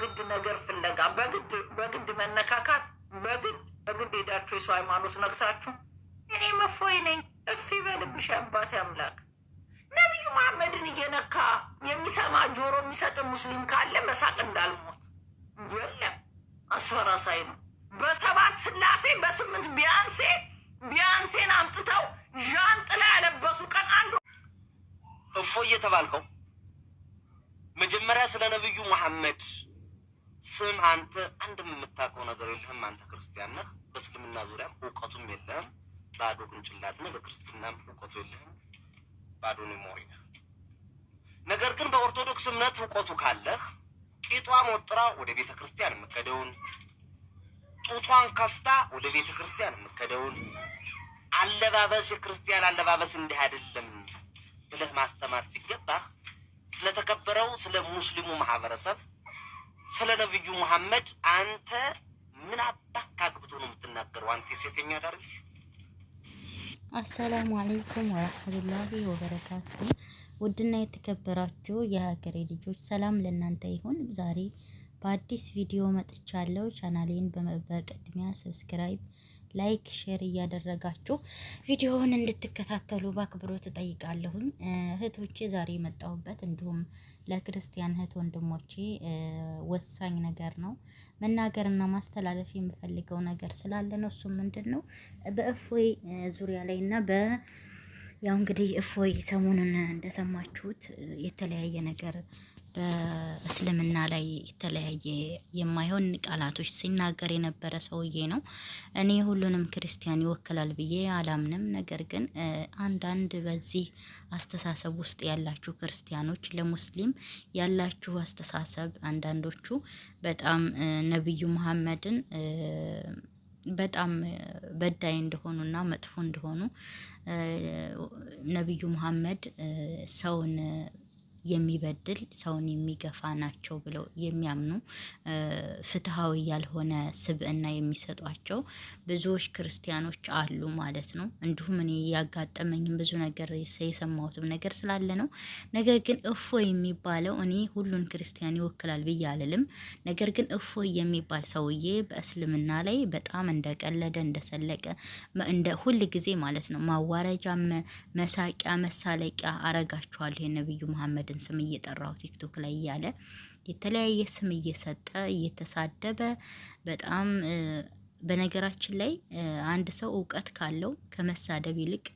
በግድ ነገር ፍለጋ በግድ በግድ መነካካት በግድ በግድ ሄዳችሁ የሰው ሃይማኖት ነግታችሁ እኔ መፎይ ነኝ እፊ በልብሽ አባት አምላክ ነቢዩ መሐመድን እየነካ የሚሰማ ጆሮ የሚሰጥ ሙስሊም ካለ መሳቅ እንዳልሞት የለም አስፈራሳይ ነው። በሰባት ስላሴ በስምንት ቢያንሴ ቢያንሴን አምጥተው ዣንጥላ ያለበሱ ቀን አንዱ እፎ እየተባልከው መጀመሪያ ስለ ነቢዩ መሐመድ ስም አንተ አንድም የምታውቀው ነገር የለህም። አንተ ክርስቲያን ነህ። በእስልምና ዙሪያም እውቀቱም የለህም። ባዶ ቅንጭላት ነህ። በክርስትናም እውቀቱ የለህም። ባዶ ሞሪ ነህ። ነገር ግን በኦርቶዶክስ እምነት እውቀቱ ካለህ ቂጧን ወጥራ ወደ ቤተ ክርስቲያን የምትከደውን፣ ጡቷን ከፍታ ወደ ቤተ ክርስቲያን የምትከደውን፣ አለባበስ የክርስቲያን አለባበስ እንዲህ አይደለም ብለህ ማስተማር ሲገባህ ስለተከበረው ስለ ሙስሊሙ ማህበረሰብ ስለ ነብዩ መሐመድ አንተ ምን አባክ አግብቶ ነው የምትናገረው? አንተ ሴተኛ ዳርሽ። አሰላሙ አለይኩም ወራህመቱላሂ ወበረካቱ። ውድና የተከበራችሁ የሀገሬ ልጆች ሰላም ለእናንተ ይሁን። ዛሬ በአዲስ ቪዲዮ መጥቻለሁ። ቻናሌን በቅድሚያ ሰብስክራይብ ላይክ፣ ሼር እያደረጋችሁ ቪዲዮውን እንድትከታተሉ በአክብሮት እጠይቃለሁኝ። እህቶቼ ዛሬ የመጣሁበት እንዲሁም ለክርስቲያን እህት ወንድሞቼ ወሳኝ ነገር ነው መናገርና ማስተላለፍ የምፈልገው ነገር ስላለ ነው። እሱም ምንድን ነው በእፎይ ዙሪያ ላይ እና በ ያው እንግዲህ እፎይ ሰሞኑን እንደሰማችሁት የተለያየ ነገር በእስልምና ላይ የተለያየ የማይሆን ቃላቶች ሲናገር የነበረ ሰውዬ ነው። እኔ ሁሉንም ክርስቲያን ይወክላል ብዬ አላምንም። ነገር ግን አንዳንድ በዚህ አስተሳሰብ ውስጥ ያላችሁ ክርስቲያኖች ለሙስሊም ያላችሁ አስተሳሰብ አንዳንዶቹ በጣም ነቢዩ መሐመድን በጣም በዳይ እንደሆኑና መጥፎ እንደሆኑ ነቢዩ መሐመድ ሰውን የሚበድል ሰውን የሚገፋ ናቸው ብለው የሚያምኑ ፍትሐዊ ያልሆነ ስብዕና የሚሰጧቸው ብዙዎች ክርስቲያኖች አሉ ማለት ነው። እንዲሁም እኔ ያጋጠመኝም ብዙ ነገር የሰማሁትም ነገር ስላለ ነው። ነገር ግን እፎ የሚባለው እኔ ሁሉን ክርስቲያን ይወክላል ብዬ አልልም። ነገር ግን እፎ የሚባል ሰውዬ በእስልምና ላይ በጣም እንደቀለደ እንደሰለቀ እንደ ሁል ጊዜ ማለት ነው ማዋረጃ፣ መሳቂያ፣ መሳለቂያ አረጋችኋለሁ የነብዩ መሐመድ የእናትን ስም እየጠራው ቲክቶክ ላይ እያለ የተለያየ ስም እየሰጠ እየተሳደበ በጣም በነገራችን ላይ አንድ ሰው እውቀት ካለው ከመሳደብ ይልቅ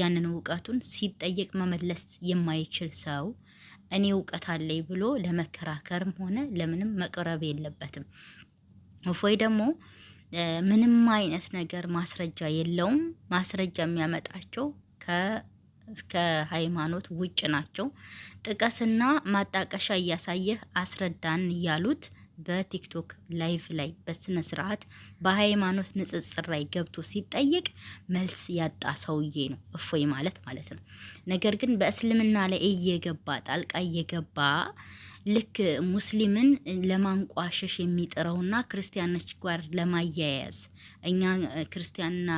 ያንን እውቀቱን ሲጠየቅ መመለስ የማይችል ሰው እኔ እውቀት አለኝ ብሎ ለመከራከርም ሆነ ለምንም መቅረብ የለበትም። እፎይ ደግሞ ምንም አይነት ነገር ማስረጃ የለውም። ማስረጃ የሚያመጣቸው ከ ከሃይማኖት ውጭ ናቸው። ጥቀስና ማጣቀሻ እያሳየህ አስረዳን ያሉት በቲክቶክ ላይቭ ላይ በስነ ስርዓት በሃይማኖት ንጽጽር ላይ ገብቶ ሲጠየቅ መልስ ያጣ ሰውዬ ነው እፎይ ማለት ማለት ነው። ነገር ግን በእስልምና ላይ እየገባ ጣልቃ እየገባ ልክ ሙስሊምን ለማንቋሸሽ የሚጥረውና ክርስቲያኖች ጋር ለማያያዝ እኛ ክርስቲያንና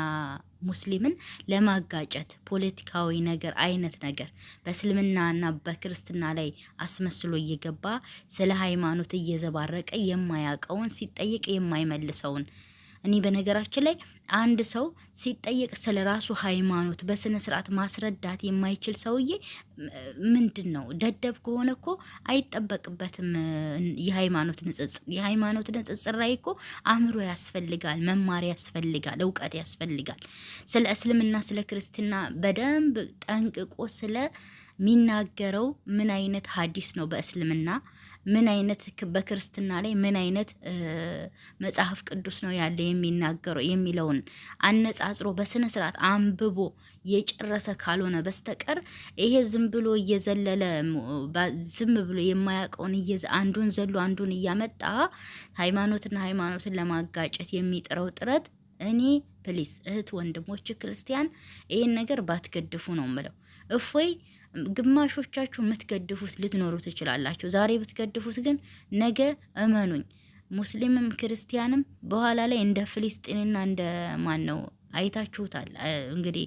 ሙስሊምን ለማጋጨት ፖለቲካዊ ነገር አይነት ነገር በእስልምናና በክርስትና ላይ አስመስሎ እየገባ ስለ ሃይማኖት እየዘባረቀ የማያውቀውን ሲጠይቅ የማይመልሰውን እኔ በነገራችን ላይ አንድ ሰው ሲጠየቅ ስለ ራሱ ሃይማኖት በስነ ስርዓት ማስረዳት የማይችል ሰውዬ ምንድን ነው? ደደብ ከሆነ እኮ አይጠበቅበትም የሃይማኖት ንጽጽር። የሃይማኖት ንጽጽር ላይ እኮ አእምሮ ያስፈልጋል፣ መማር ያስፈልጋል፣ እውቀት ያስፈልጋል። ስለ እስልምና ስለ ክርስትና በደንብ ጠንቅቆ ስለሚናገረው ምን አይነት ሀዲስ ነው በእስልምና ምን አይነት በክርስትና ላይ ምን አይነት መጽሐፍ ቅዱስ ነው ያለ የሚናገረው የሚለውን አነጻጽሮ በስነ ስርዓት አንብቦ የጨረሰ ካልሆነ በስተቀር ይሄ ዝም ብሎ እየዘለለ ዝም ብሎ የማያውቀውን አንዱን ዘሎ አንዱን እያመጣ ሃይማኖትና ሃይማኖትን ለማጋጨት የሚጥረው ጥረት እኔ ፕሊስ እህት ወንድሞች ክርስቲያን ይሄን ነገር ባትገድፉ ነው ምለው እፎይ ግማሾቻችሁ የምትገድፉት ልትኖሩ ትችላላችሁ። ዛሬ ብትገድፉት ግን ነገ እመኑኝ ሙስሊምም ክርስቲያንም በኋላ ላይ እንደ ፍልስጤንና እንደ ማን ነው አይታችሁታል። እንግዲህ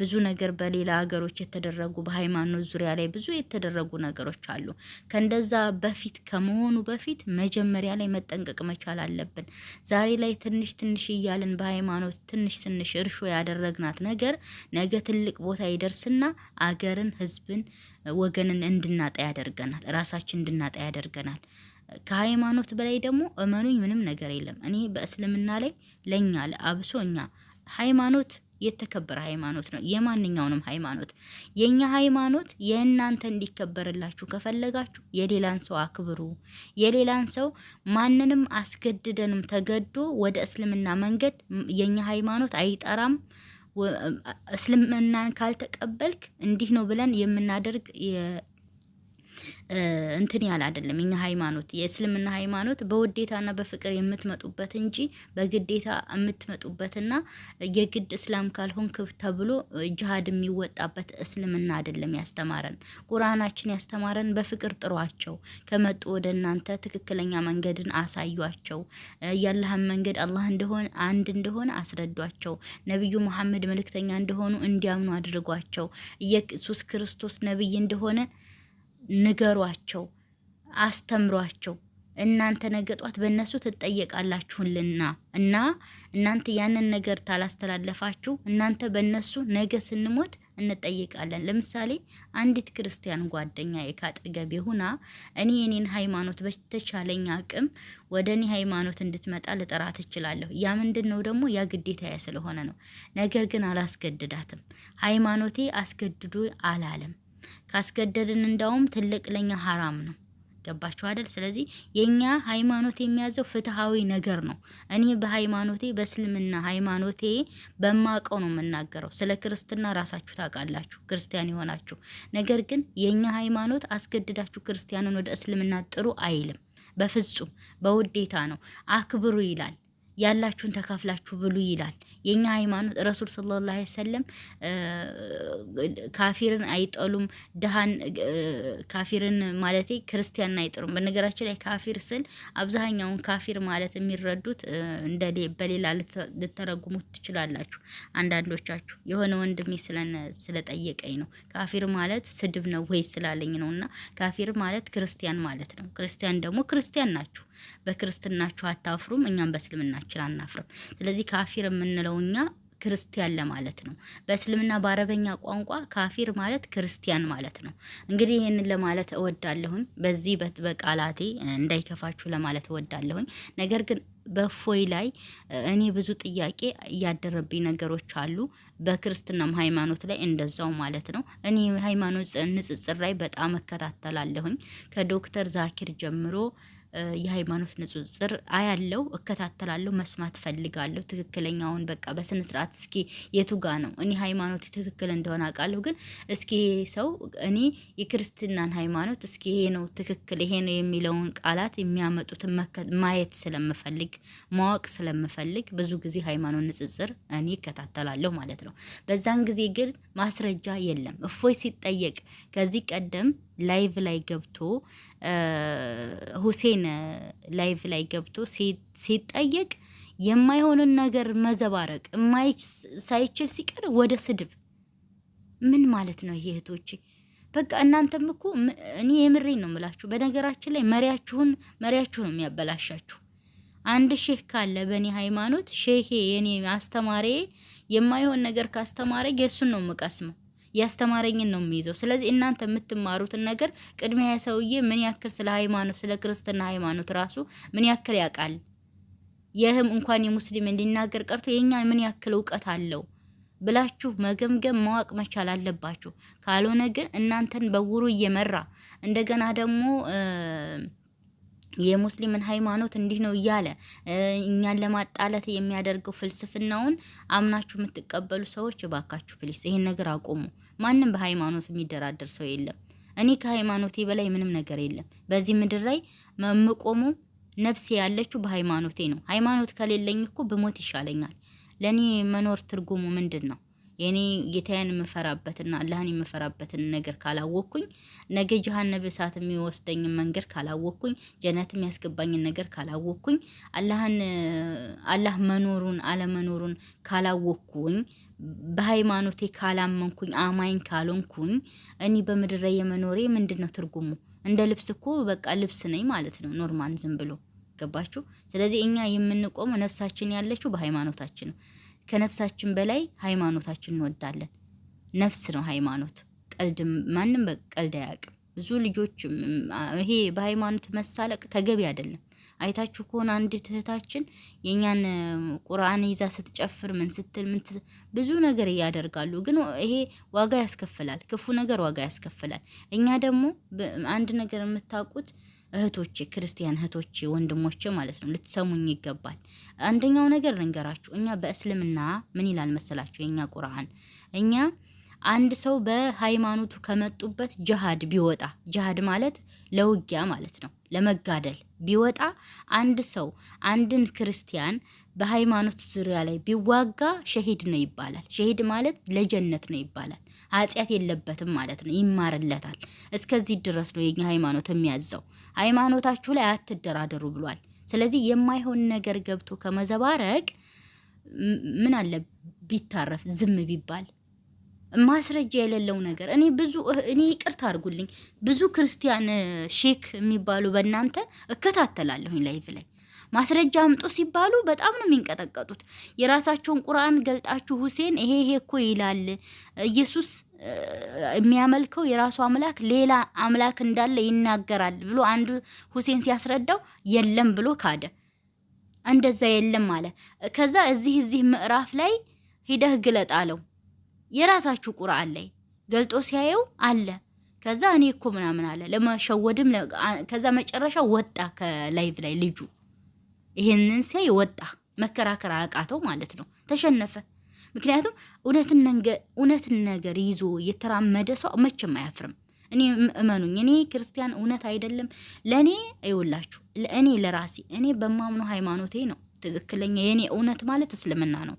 ብዙ ነገር በሌላ ሀገሮች የተደረጉ በሃይማኖት ዙሪያ ላይ ብዙ የተደረጉ ነገሮች አሉ። ከእንደዛ በፊት ከመሆኑ በፊት መጀመሪያ ላይ መጠንቀቅ መቻል አለብን። ዛሬ ላይ ትንሽ ትንሽ እያልን በሃይማኖት ትንሽ ትንሽ እርሾ ያደረግናት ነገር ነገ ትልቅ ቦታ ይደርስና አገርን፣ ህዝብን፣ ወገንን እንድናጣ ያደርገናል። ራሳችን እንድናጣ ያደርገናል። ከሃይማኖት በላይ ደግሞ እመኑኝ ምንም ነገር የለም። እኔ በእስልምና ላይ ለኛ ለአብሶ እኛ ሃይማኖት የተከበረ ሃይማኖት ነው። የማንኛውንም ሃይማኖት የኛ ሃይማኖት የእናንተ እንዲከበርላችሁ ከፈለጋችሁ የሌላን ሰው አክብሩ። የሌላን ሰው ማንንም አስገድደንም ተገዶ ወደ እስልምና መንገድ የኛ ሃይማኖት አይጠራም። እስልምናን ካልተቀበልክ እንዲህ ነው ብለን የምናደርግ እንትን ያል አይደለም። እኛ ሃይማኖት የእስልምና ሃይማኖት በውዴታና በፍቅር የምትመጡበት እንጂ በግዴታ የምትመጡበትና የግድ እስላም ካልሆን ክፍ ተብሎ ጅሃድ የሚወጣበት እስልምና አይደለም ያስተማረን። ቁርአናችን ያስተማረን በፍቅር ጥሯቸው ከመጡ ወደ እናንተ ትክክለኛ መንገድን አሳዩቸው፣ የአላህን መንገድ አላህ እንደሆነ አንድ እንደሆነ አስረዷቸው፣ ነቢዩ መሐመድ መልእክተኛ እንደሆኑ እንዲያምኑ አድርጓቸው፣ ኢየሱስ ክርስቶስ ነቢይ እንደሆነ ንገሯቸው፣ አስተምሯቸው። እናንተ ነገ ጧት በእነሱ ትጠየቃላችሁልና እና እናንተ ያንን ነገር ታላስተላለፋችሁ እናንተ በእነሱ ነገ ስንሞት እንጠይቃለን። ለምሳሌ አንዲት ክርስቲያን ጓደኛ ካጠገቤ ሁና እኔ የኔን ሃይማኖት በተቻለኝ አቅም ወደ እኔ ሃይማኖት እንድትመጣ ልጥራት እችላለሁ። ያ ምንድን ነው ደግሞ ያ ግዴታ ስለሆነ ነው። ነገር ግን አላስገድዳትም። ሃይማኖቴ አስገድዱ አላለም። ካስገደድን እንዳውም ትልቅ ለኛ ሀራም ነው። ገባችሁ አይደል? ስለዚህ የኛ ሃይማኖት የሚያዘው ፍትሃዊ ነገር ነው። እኔ በሃይማኖቴ በእስልምና ሃይማኖቴ በማቀው ነው የምናገረው። ስለ ክርስትና ራሳችሁ ታውቃላችሁ፣ ክርስቲያን የሆናችሁ ነገር ግን የኛ ሃይማኖት አስገድዳችሁ ክርስቲያንን ወደ እስልምና ጥሩ አይልም። በፍጹም በውዴታ ነው አክብሩ ይላል። ያላችሁን ተካፍላችሁ ብሉ ይላል የኛ ሃይማኖት። ረሱል ሰለላሁ ዐለይሂ ወሰለም ካፊርን አይጠሉም፣ ድሃን ካፊርን ማለት ክርስቲያንን አይጠሉም። በነገራችን ላይ ካፊር ስል አብዛኛውን ካፊር ማለት የሚረዱት እንደ በሌላ ልተረጉሙት ትችላላችሁ አንዳንዶቻችሁ። የሆነ ወንድሜ ስለጠየቀኝ ነው ካፊር ማለት ስድብ ነው ወይ ስላለኝ ነው። እና ካፊር ማለት ክርስቲያን ማለት ነው። ክርስቲያን ደግሞ ክርስቲያን ናችሁ፣ በክርስትናችሁ አታፍሩም። እኛም በእስልምናችሁ በእስልምናችን አናፍርም። ስለዚህ ካፊር የምንለው እኛ ክርስቲያን ለማለት ነው። በእስልምና በአረበኛ ቋንቋ ካፊር ማለት ክርስቲያን ማለት ነው። እንግዲህ ይህንን ለማለት እወዳለሁኝ። በዚህ በቃላቴ እንዳይከፋችሁ ለማለት እወዳለሁኝ። ነገር ግን በእፎይ ላይ እኔ ብዙ ጥያቄ እያደረብኝ ነገሮች አሉ። በክርስትናም ሃይማኖት ላይ እንደዛው ማለት ነው። እኔ ሃይማኖት ንጽጽር ላይ በጣም እከታተላለሁኝ ከዶክተር ዛኪር ጀምሮ የሃይማኖት ንጽጽር አያለው፣ እከታተላለሁ፣ መስማት ፈልጋለሁ። ትክክለኛውን በቃ በስነ ስርዓት እስኪ የቱ ጋ ነው? እኔ ሃይማኖት ትክክል እንደሆነ አውቃለሁ፣ ግን እስኪ ይሄ ሰው እኔ የክርስትናን ሃይማኖት እስኪ ይሄ ነው ትክክል፣ ይሄ ነው የሚለውን ቃላት የሚያመጡትን ማየት ስለምፈልግ ማወቅ ስለምፈልግ ብዙ ጊዜ ሃይማኖት ንጽጽር እኔ እከታተላለሁ ማለት ነው። በዛን ጊዜ ግን ማስረጃ የለም። እፎይ ሲጠየቅ ከዚህ ቀደም ላይቭ ላይ ገብቶ ሁሴን የሆነ ላይቭ ላይ ገብቶ ሲጠየቅ የማይሆንን ነገር መዘባረቅ ሳይችል ሲቀር ወደ ስድብ ምን ማለት ነው ይሄ? እህቶቼ በቃ እናንተም እኮ እኔ የምሬን ነው የምላችሁ። በነገራችን ላይ መሪያችሁን መሪያችሁ ነው የሚያበላሻችሁ። አንድ ሼህ ካለ በእኔ ሃይማኖት ሼሄ የኔ አስተማሪ የማይሆን ነገር ካስተማረ የእሱን ነው የምቀስመው። ያስተማረኝን ነው የሚይዘው። ስለዚህ እናንተ የምትማሩትን ነገር ቅድሚያ የሰውዬ ሰውዬ ምን ያክል ስለ ሃይማኖት፣ ስለ ክርስትና ሃይማኖት ራሱ ምን ያክል ያውቃል፣ ይህም እንኳን የሙስሊም እንዲናገር ቀርቶ የእኛን ምን ያክል እውቀት አለው ብላችሁ መገምገም ማወቅ መቻል አለባችሁ። ካልሆነ ግን እናንተን በውሩ እየመራ እንደገና ደግሞ የሙስሊምን ሃይማኖት እንዲህ ነው እያለ እኛን ለማጣላት የሚያደርገው ፍልስፍናውን አምናችሁ የምትቀበሉ ሰዎች እባካችሁ ፕሊስ ይሄን ነገር አቁሙ። ማንም በሃይማኖት የሚደራደር ሰው የለም። እኔ ከሃይማኖቴ በላይ ምንም ነገር የለም በዚህ ምድር ላይ መምቆሙ። ነፍሴ ያለችው በሃይማኖቴ ነው። ሃይማኖት ከሌለኝ እኮ ብሞት ይሻለኛል። ለእኔ መኖር ትርጉሙ ምንድን ነው? የኔ ጌታዬን የምፈራበትና አላህን የምፈራበትን ነገር ካላወቅኩኝ፣ ነገ ጀሃነብ እሳት የሚወስደኝን መንገድ ካላወቅኩኝ፣ ጀነት የሚያስገባኝን ነገር ካላወቅኩኝ፣ አላህን አላህ መኖሩን አለመኖሩን ካላወቅኩኝ፣ በሃይማኖቴ ካላመንኩኝ፣ አማኝ ካልሆንኩኝ፣ እኔ በምድር ላይ የመኖሬ ምንድን ነው ትርጉሙ? እንደ ልብስ እኮ በቃ ልብስ ነኝ ማለት ነው። ኖርማን ዝም ብሎ ገባችሁ። ስለዚህ እኛ የምንቆመው ነፍሳችን ያለችው በሃይማኖታችን ነው። ከነፍሳችን በላይ ሃይማኖታችን እንወዳለን። ነፍስ ነው ሃይማኖት። ቀልድ ማንም ቀልድ አያውቅም። ብዙ ልጆች ይሄ በሃይማኖት መሳለቅ ተገቢ አይደለም። አይታችሁ ከሆነ አንዲት እህታችን የእኛን ቁርአን ይዛ ስትጨፍር ምን ስትል ምን ብዙ ነገር እያደርጋሉ። ግን ይሄ ዋጋ ያስከፍላል። ክፉ ነገር ዋጋ ያስከፍላል። እኛ ደግሞ አንድ ነገር የምታውቁት እህቶቼ ክርስቲያን እህቶቼ ወንድሞቼ ማለት ነው ልትሰሙኝ ይገባል። አንደኛው ነገር ልንገራችሁ፣ እኛ በእስልምና ምን ይላል መሰላችሁ? የእኛ ቁርአን እኛ አንድ ሰው በሃይማኖቱ ከመጡበት ጅሃድ ቢወጣ ጅሃድ ማለት ለውጊያ ማለት ነው፣ ለመጋደል ቢወጣ አንድ ሰው አንድን ክርስቲያን በሃይማኖት ዙሪያ ላይ ቢዋጋ ሸሂድ ነው ይባላል። ሸሂድ ማለት ለጀነት ነው ይባላል። ኃጢአት የለበትም ማለት ነው፣ ይማርለታል። እስከዚህ ድረስ ነው የኛ ሃይማኖት የሚያዘው። ሃይማኖታችሁ ላይ አትደራደሩ ብሏል። ስለዚህ የማይሆን ነገር ገብቶ ከመዘባረቅ ምን አለ ቢታረፍ ዝም ቢባል ማስረጃ የሌለው ነገር እኔ ብዙ እኔ ይቅርታ አድርጉልኝ፣ ብዙ ክርስቲያን ሼክ የሚባሉ በእናንተ እከታተላለሁኝ ላይቭ ላይ ማስረጃ አምጡ ሲባሉ በጣም ነው የሚንቀጠቀጡት። የራሳቸውን ቁርአን ገልጣችሁ ሁሴን ይሄ ይሄ እኮ ይላል ኢየሱስ የሚያመልከው የራሱ አምላክ ሌላ አምላክ እንዳለ ይናገራል ብሎ አንዱ ሁሴን ሲያስረዳው የለም ብሎ ካደ። እንደዛ የለም አለ። ከዛ እዚህ እዚህ ምዕራፍ ላይ ሂደህ ግለጥ አለው። የራሳችሁ ቁርአን ላይ ገልጦ ሲያየው አለ። ከዛ እኔ እኮ ምናምን አለ ለመሸወድም። ከዛ መጨረሻ ወጣ ከላይቭ ላይ ልጁ ይሄንን ሲያይ ወጣ። መከራከር አቃተው ማለት ነው፣ ተሸነፈ። ምክንያቱም እውነትን ነገር ይዞ የተራመደ ሰው መቼም አያፍርም። እኔ እመኑኝ፣ እኔ ክርስቲያን እውነት አይደለም ለእኔ ይውላችሁ፣ እኔ ለራሴ እኔ በማምኑ ሃይማኖቴ ነው ትክክለኛ የእኔ እውነት ማለት እስልምና ነው።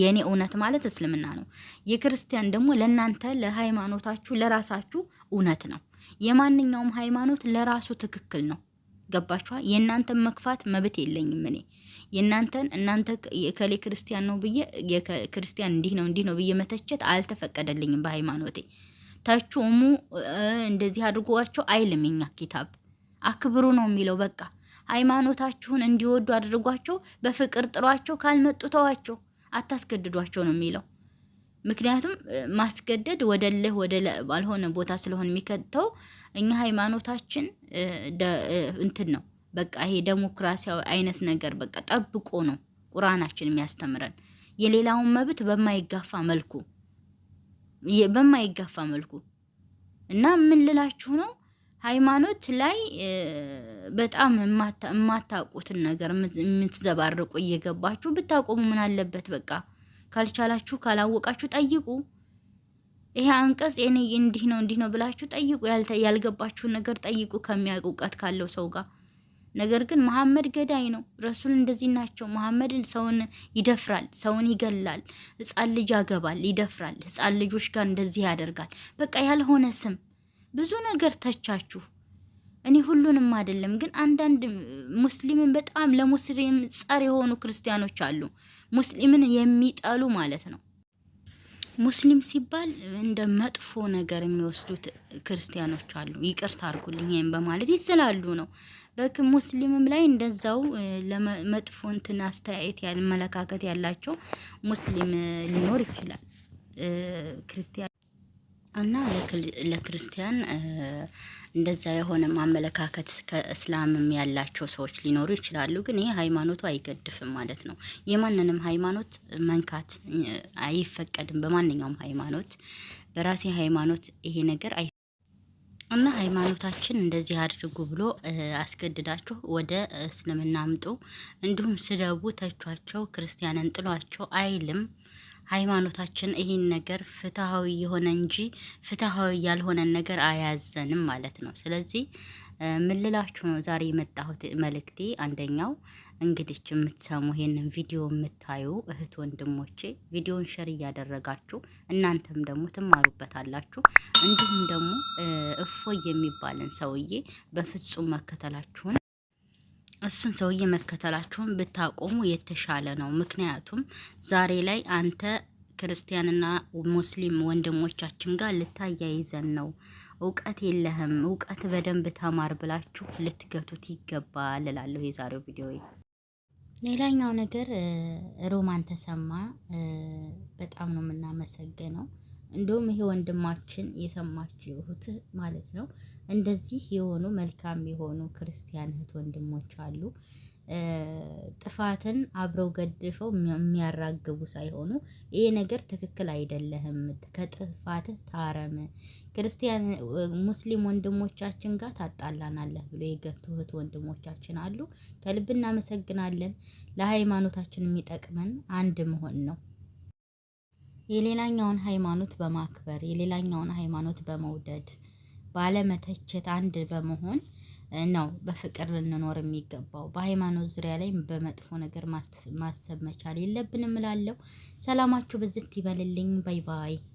የእኔ እውነት ማለት እስልምና ነው። የክርስቲያን ደግሞ ለእናንተ ለሃይማኖታችሁ ለራሳችሁ እውነት ነው። የማንኛውም ሃይማኖት ለራሱ ትክክል ነው። ገባችኋ? የእናንተን መክፋት መብት የለኝም እኔ የእናንተን እናንተ የከሌ ክርስቲያን ነው ብዬ እንዲህ ነው እንዲህ ነው ብዬ መተቸት አልተፈቀደልኝም በሃይማኖቴ። ታችሁሙ እንደዚህ አድርጓቸው አይልም የኛ ኪታብ። አክብሩ ነው የሚለው። በቃ ሃይማኖታችሁን እንዲወዱ አድርጓቸው፣ በፍቅር ጥሯቸው፣ ካልመጡ ተዋቸው። አታስገድዷቸው ነው የሚለው። ምክንያቱም ማስገደድ ወደ ልህ ወደ ባልሆነ ቦታ ስለሆነ የሚከተው እኛ ሃይማኖታችን እንትን ነው በቃ ይሄ ዴሞክራሲያዊ አይነት ነገር በቃ ጠብቆ ነው ቁርአናችን የሚያስተምረን የሌላውን መብት በማይጋፋ መልኩ በማይጋፋ መልኩ እና ምን ልላችሁ ነው ሃይማኖት ላይ በጣም የማታውቁትን ነገር የምትዘባርቁ እየገባችሁ ብታቆሙ ምን አለበት? በቃ ካልቻላችሁ ካላወቃችሁ ጠይቁ። ይሄ አንቀጽ የኔ እንዲህ ነው እንዲህ ነው ብላችሁ ጠይቁ። ያልገባችሁን ነገር ጠይቁ ከሚያውቅ እውቀት ካለው ሰው ጋር። ነገር ግን መሐመድ ገዳይ ነው፣ ረሱል እንደዚህ ናቸው። መሐመድ ሰውን ይደፍራል፣ ሰውን ይገላል፣ ህፃን ልጅ ያገባል፣ ይደፍራል፣ ህፃን ልጆች ጋር እንደዚህ ያደርጋል። በቃ ያልሆነ ስም ብዙ ነገር ተቻችሁ። እኔ ሁሉንም አይደለም ግን አንዳንድ ሙስሊምን በጣም ለሙስሊም ጸር የሆኑ ክርስቲያኖች አሉ። ሙስሊምን የሚጠሉ ማለት ነው። ሙስሊም ሲባል እንደ መጥፎ ነገር የሚወስዱት ክርስቲያኖች አሉ። ይቅርታ አርጉልኝ ይህም በማለት ይስላሉ ነው። በክ ሙስሊምም ላይ እንደዛው ለመጥፎ እንትን አስተያየት አመለካከት ያላቸው ሙስሊም ሊኖር ይችላል ክርስቲያን እና ለክርስቲያን እንደዛ የሆነ አመለካከት ከእስላምም ያላቸው ሰዎች ሊኖሩ ይችላሉ። ግን ይህ ሃይማኖቱ አይገድፍም ማለት ነው። የማንንም ሃይማኖት መንካት አይፈቀድም በማንኛውም ሃይማኖት። በራሴ ሃይማኖት ይሄ ነገር አይ እና ሃይማኖታችን እንደዚህ አድርጉ ብሎ አስገድዳችሁ ወደ እስልምና አምጡ፣ እንዲሁም ስደቡ፣ ተቿቸው፣ ክርስቲያንን ጥሏቸው አይልም። ሃይማኖታችን ይህን ነገር ፍትሐዊ የሆነ እንጂ ፍትሐዊ ያልሆነን ነገር አያዘንም ማለት ነው። ስለዚህ ምልላችሁ ነው ዛሬ የመጣሁት መልእክቴ። አንደኛው እንግዲች የምትሰሙ ይሄንን ቪዲዮ የምታዩ እህት ወንድሞቼ ቪዲዮን ሸር እያደረጋችሁ እናንተም ደግሞ ትማሩበታላችሁ። እንዲሁም ደግሞ እፎይ የሚባልን ሰውዬ በፍጹም መከተላችሁን እሱን ሰውዬ መከተላችሁን ብታቆሙ የተሻለ ነው። ምክንያቱም ዛሬ ላይ አንተ ክርስቲያንና ሙስሊም ወንድሞቻችን ጋር ልታያይዘን ነው። እውቀት የለህም፣ እውቀት በደንብ ተማር ብላችሁ ልትገቱት ይገባል እላለሁ። የዛሬው ቪዲዮ ሌላኛው ነገር ሮማን ተሰማ በጣም ነው የምናመሰግነው። እንደውም ይሄ ወንድማችን የሰማችሁት ማለት ነው። እንደዚህ የሆኑ መልካም የሆኑ ክርስቲያን እህት ወንድሞች አሉ። ጥፋትን አብረው ገድፈው የሚያራግቡ ሳይሆኑ ይሄ ነገር ትክክል አይደለህም፣ ከጥፋትህ ታረም፣ ክርስቲያን ሙስሊም ወንድሞቻችን ጋር ታጣላናለህ ብሎ የገቱህት ወንድሞቻችን አሉ። ከልብ እናመሰግናለን። ለሃይማኖታችን የሚጠቅመን አንድ መሆን ነው። የሌላኛውን ሃይማኖት በማክበር የሌላኛውን ሃይማኖት በመውደድ ባለመተቸት አንድ በመሆን ነው በፍቅር ልንኖር የሚገባው። በሃይማኖት ዙሪያ ላይ በመጥፎ ነገር ማሰብ መቻል የለብንም እላለሁ። ሰላማችሁ ብዝት ይበልልኝ። ባይ ባይ